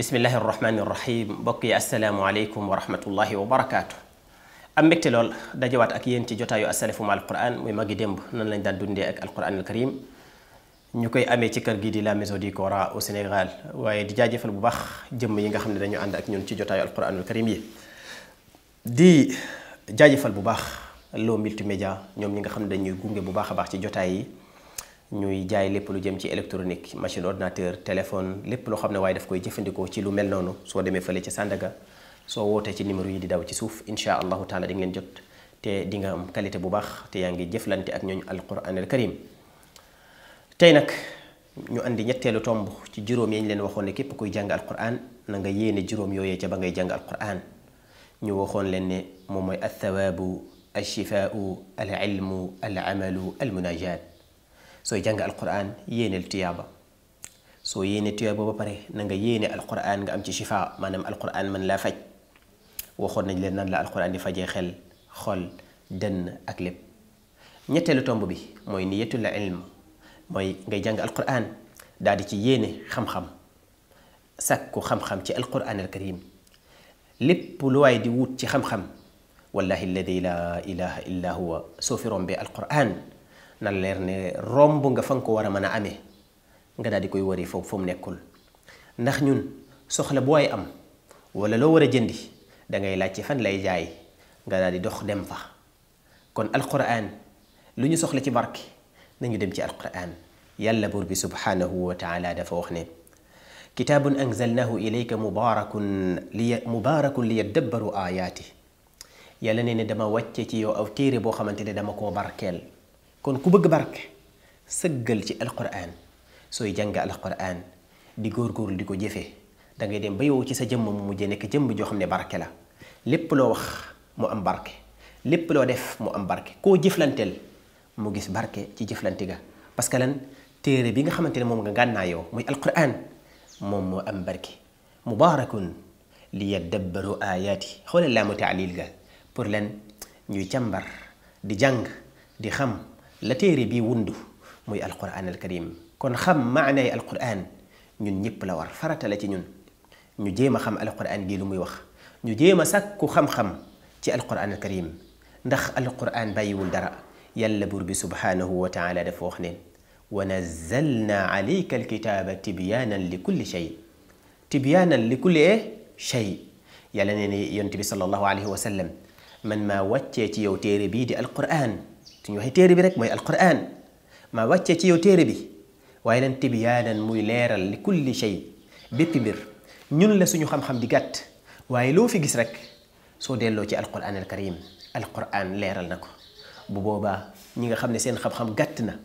bismillahi rahmaani rahim mbokk yi asalaamualeykum wa rahmatullahi wa barakaatu. am mbégte lool dajawaat ak yéen ci jotaayu asalafu ma alquran muy magi démb nan lañ daan dundee ak alquran al karim ñu koy amee ci kër gi di la maison du Coran au Sénégal waaye di jaajëfal bu baax jëmm yi nga xam ne dañu ànd ak ñun ci jotaayu alquran al karim yi. di jaajëfal bu baax loo multimédia ñoom ñi nga xam ne dañuy gunge bu baax a baax ci jotaay yi. ñuy jaay lépp lu jëm ci électronique machine ordinateur téléphone lépp loo xam ne waaye daf koy jëfandikoo ci lu mel noonu soo demee fële ci Sandaga soo wootee ci numéro yi di daw ci suuf incha allahu taala di ngeen jot te dinga nga am qualité bu baax te yaa ngi jëflante ak ñooñu alquran al karim nag ñu andi ñetteelu tomb ci juróom yañ leen waxoon ne képp kuy jàng alquran na nga yéene juróom yooyee ca ba ngay jàng alquran ñu waxoon leen ne moom mooy althawabu alchifaau al ilmu al amalu al munajat sooy jàng alquran yéeneel tiyaaba soo yéene tiyaaba ba pare nanga nga yéene alquran nga am ci shifa maanaam alquran man laa faj waxoon nañ leen nan la alquran di fajee xel xol dënn ak lépp ñetteelu tomb bi mooy niyatul ilm mooy ngay jàng alquran daal di ci yéene xam-xam ko xam-xam ci alquran alkarim lépp lu waay di wut ci xam-xam wallahi alladi la ilaha illa huwa soo fi rombee alquran nan leer ne romb nga fan ko war a mën a amee nga daal di koy wari foofu fa mu nekkul ndax ñun soxla bu waay am wala loo war a jëndi dangay laaj ci fan lay jaay nga daal di dox dem fa kon alquran lu ñu soxla ci barke nañu dem ci alquran yàlla buur bi subhanahu wa taala dafa wax ne kitaabun anzalnahu ilayka mubaarakun li mubaarakun li yaddabbaru ayaati yàlla ne ne dama wàcce ci yow aw téere boo xamante ne dama koo barkeel kon ku bëgg barke sëggal ci alquran sooy jàng alquran di góor góorgóorlu di ko jëfee da ngay dem ba yow ci sa jëmm mu mujjee nekk jëmm joo xam ne barke la lépp loo wax mu am barke lépp loo def mu am barke koo jëflanteel mu gis barke ci jëflante ga parce que lan téere bi nga xamante ne moom nga gànnaa yow muy alquran moom moo am barke mubaarakun li yaddabbaru ayaati xoolal laamu taalil ga pour leen ñuy càmbar di jàng di xam la téere bi wundu muy alquran al karim kon xam maanay alquran ñun ñëpp la war farata la ci ñun ñu jéem a xam alquran gi lu muy wax ñu jéem a sàkku xam-xam ci alquran al karim ndax alquran bàyyiwul dara yàlla bur bi subhanahu wa taala dafa wax ne wa nazalna alayka alkitaaba tibyaanan li kulli shay tibyaanan li kulli shay yàlla nee ne yonte bi sallallahu alayhi wa sallam man maa wàccee ci yow téere bii di alquran تنيو هي تيري بيرك موي القران ما واتشي تيو تيري بي واي لن تبيانا موي ليرال لكل شيء بيبي بير نيون لا سونو خام خام دي غات واي لو في غيس رك سو ديلو تي القران الكريم القران ليرال نكو بو بوبا نيغا خامني سين خام خام غاتنا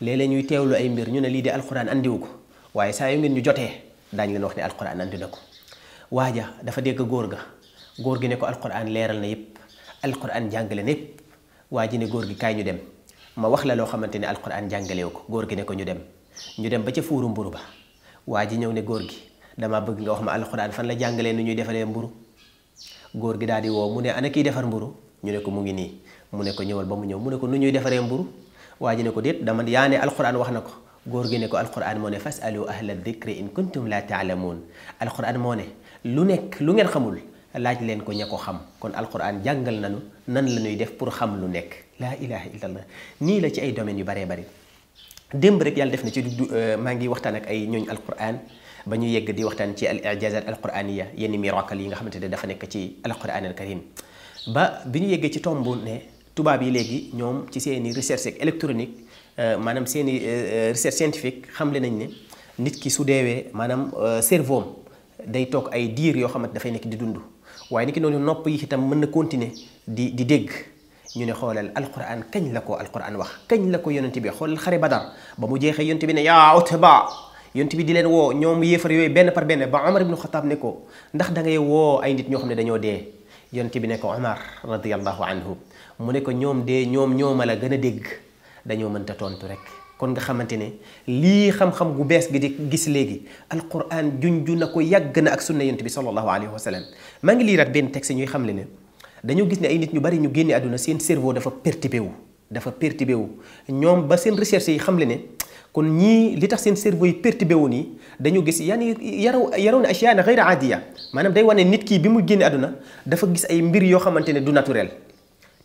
لي لا نيو تيولو اي مير نيون لي دي القران اندي وكو واي سا يوم نيو جوتي داني لن وخني القران اندي نكو واجا دا فا ديغ غورغا غورغي نيكو القران ليرال نا القران جانغلا نيب waa ji ne góor gi kaay ñu dem ma wax la lo xamanteni alquran jangale ko góor gi ne ko ñu dem ñu dem ba ci fouru mburu ba waji ñëw ne góor gi dama bëgg nga wax ma alquran fan la jangale nu ñuy defale mburu góor gi daldi wo mu ne ana ki defar mburu ñu ne ko mu ngi ni mu ne ko ñëwal ba mu ñëw mu ne ko nu ñuy defare mburu waji ne ko déet dama yaa ne alquran wax nako góor gi ne ko alquran mo ne fasalu ahla dhikri in kuntum la ta'lamun alquran mo ne lu nek lu ngeen xamul laaj leen ko ña ko xam kon alquran jàngal nañu nan la ñuy def pour xam lu nekk laa ilaha illallah nii la ci ay domaines yu baree bari démb rek yàlla def na ci du euh, maa ngi waxtaan ak ay ñooñ alquran ba ñu yegg di waxtaan ci al ijazat alquraniya yenn al yi nga xamante ne dafa nekk ci alquran al karim ba bi ñu yeggee ci tomb ne tubaab yi léegi ñoom ci seeni recherche électronique euh, maanaam seeni euh, recherche scientifique xamle nañ ne nit ki su deewee maanaam cerveau day toog ay diir yoo xamante dafay nekk di dund waye niki nonu nopp yi itam meuna continuer di di deg ñu ne xolal alquran kagn lako alquran wax kagn lako yonenti bi xolal khari badar ba mu jexé yonenti bi ne ya utba yonenti bi di len wo ñom yéefar yoy ben par ben ba umar ibn khattab ne ko ndax da ngay wo ay nit ñoo xamne dañoo dé yonenti bi ne ko umar radiyallahu anhu mu ne ko ñom dé ñom ñomala gëna deg dañoo mën ta tontu rek kon nga xamantene li xam-xam gu bes gi di gis legi alquran junju nako yag na ak sunna yonent sallallahu alayhi wa sallam maa li rat ben texte ñuy xam le dañu gis ne ay nit ñu bari ñu génne aduna seen cerveau dafa perturbé wu dafa perturbé wu ñom ba seen recherche yi xam le kon ñi li tax seen cerveau yi perturbé wu ni dañu gis yani yaraw yaraw na ashyaan ghayra aadiya maanaam day wone nit ki bi mu génne aduna dafa gis ay mbir yo xamantene du naturel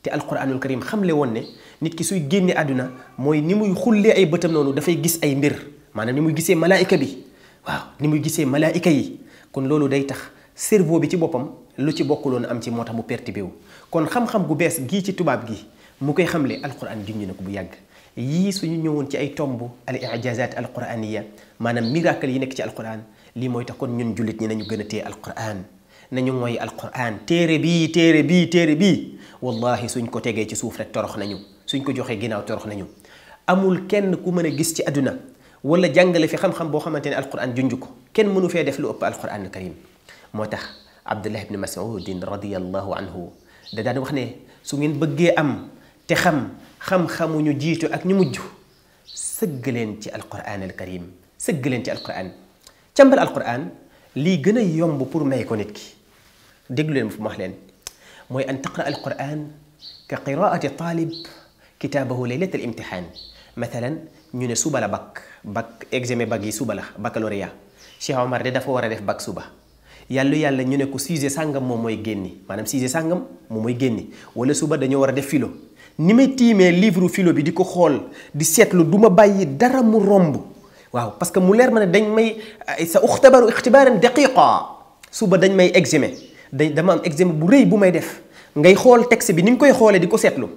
te alquranul karim xam le woon ne nit ki suy génne aduna moy ni muy xullee ay bëttam nonu da fay gis ay mbir manam ni muy gisé malaika bi waaw ni muy gisé malaika yi kon lolu day tax cerveau bi ci bopam lu ci bokkuloon am ci motam bu mu perturbé wu kon xam-xam gu bees gi ci tubab gi mu koy xamle alquran junj na bu yàgg yi suñu ñëwoon ci ay tombu al ijazat alquraniyya manam miracle yi nek ci alquran li moy tax kon ñun julit ñi nañu gëna té téye alquran nañu moy alquran téré bi téré bi téré bi wallahi suñ ko tegee ci suuf rek torox nañu suñ ko joxe ginaaw torox nañu amul kenn ku mëna gis ci aduna wala jàngale fi xam-xam boo xamante ne alquran junj ko kenn mënu fee def lu ëpp alquran karim moo tax abdullah ibni masudin radiallahu anhu da daan wax ne su ngeen bëggee am te xam xam-xamu ñu jiitu ak ñu mujj sëgg leen ci alquran alkarim karim sëgg leen ci alquran càmbal alquran lii gën a yomb pour may ko nit ki déglu leen fu ma wax leen mooy an taqra alquran ka qiraati talib kitaabahu laylatal imtixaan mathalan ñu ne suba la bac bac examen bac yi suba la baccalauréat Cheikh Omar de dafa war a def bac suba yàlla yàlla ñu ne ko sujet sàngam moom mooy génni maanaam sujet sàngam moom mooy génni wala suba dañoo war a def philo ni may tiimee livre philo bi di ko xool di seetlu du ma bàyyi dara mu romb waaw parce que mu leer ma ne dañ may sa uxtabaru ixtibaaran daqiqa suba dañ may examen dañ dama am examen bu rëy bu may def ngay xool texte bi ni nga koy xoolee di ko seetlu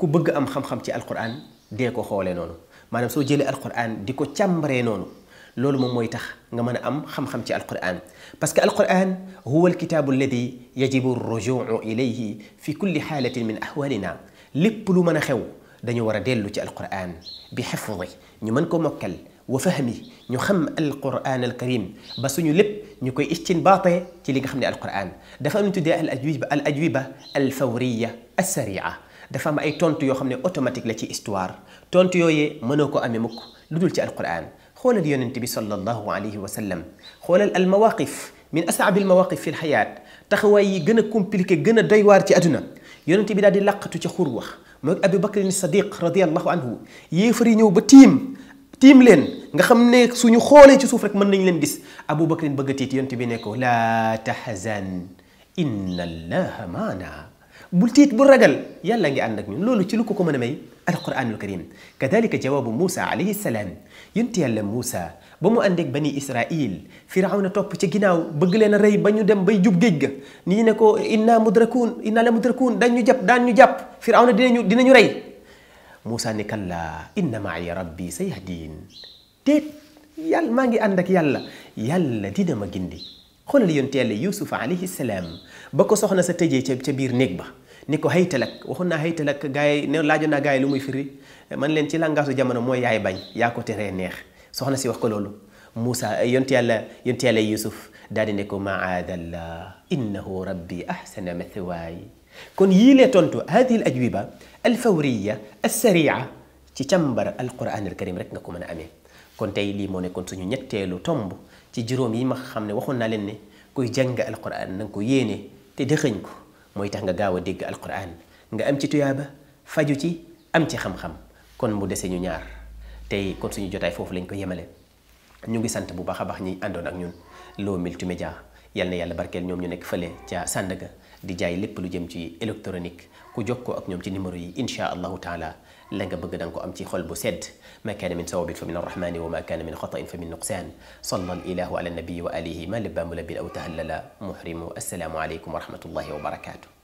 ku bëgg am xam-xam ci alquran de ko xolé nonu manam so jëlé alquran diko ko nonu lolu mom moy tax nga mëna am xam-xam ci alquran parce que alquran huwa alkitab alladhi yajibu arruju'u ilayhi fi kulli halatin min ahwalina lépp lu mëna xew dañu wara a dellu ci alquran bi hifzi ñu mën ko mokkal wa fahmi ñu xam alquran alkarim ba suñu lépp ñukoy koy istinbaatee ci li nga xamni alquran dafa am ñu tuddee al ajwiba al fawriya alfawriya alsaria dafa am ay tontu yo xamne automatique la ci histoire tontu yooyee mënoo ko amee mukk lu ci alquran xolal yonent bi sallallahu alayhi wa sallam xolal al mawaqif min as'ab al mawaqif fi al hayat taxway yi gëna compliqué gëna doy war ci aduna yonent bi daldi làqatu ci khur wax abou bakr Bakrin Sadiq radiyallahu anhu yéefar yi ñëw ba tim tim len nga xamne suñu xolé ci suuf rek mën nañ len gis abou bakr bëgg a tiit yonent bi neko la tahzan inna allaha maana bul tiit bul ragal yàlla ngi ànd ak ñun loolu ci lu ko ko mën a may alquranul karim kadalika jawaabu Moussa alayhi salaam yonti yàlla Moussa ba mu àndeeg bani Israil firawna topp ca ginnaaw bëgg leen a rey ba ñu dem bay jub géej ga nii ne ko inna mudrakuun inna la mudrakuun daan ñu jàpp daan ñu jàpp firawna dinañu dinañu rey Moussa ne kalla inna maaya rabbi sayahdiin déet yàlla maa ngi ànd ak yàlla yàlla dina ma gindi xoolal yonti yàlla Yuusuf alayhi salaam ba ko soxna sa tëjee ca ca biir néeg ba niko ko haytalak waxuna naa haytalak gars ne lajuna naa lu muy firi man len ci langage jamono moy yaay bañ ya ko téré neex soxna ci wax ko lolu musa yonti yàlla yonti yàlla Yusuf dadi di ne ko maadallah innahu rabbi ahsana mathwaay kon yii lee tontu hadihi al ajwiba al fawriya al saria ci chambar al quran al karim rek nga ko meuna amé amee kon tey lii moo nekkoon suñu ñettelu tombu ci juróom yi ma xamne waxuna len ne koy jeng al quran na ko yene te dëxëñ ko mooy tax nga gaaw a dégg alquran nga am ci tuyaaba faju ci am ci xam-xam kon mu dese ñu ñaar tey kon suñu jotaay foofu lañu ko yemale ñu ngi sant bu baax a baax ñi àndoon ak ñun Lo Multimédia yal na yàlla barkeel ñoom ñu nekk fële ca Sandaga di jaay lépp lu jëm ci électronique ku jokkoo ak ñom ci numéro yi insha allah taala la nga bëgg dang ko am ci xol bu sedd ma kaana min sawabin fa min arrahmani wa ma kaana min khata'in fa min nuqsan salla al ilahu ala nabiyi wa alihi ma libbaamu labin aw tahallala muhrimu assalamu alaykum wa rahmatullahi wa barakatuh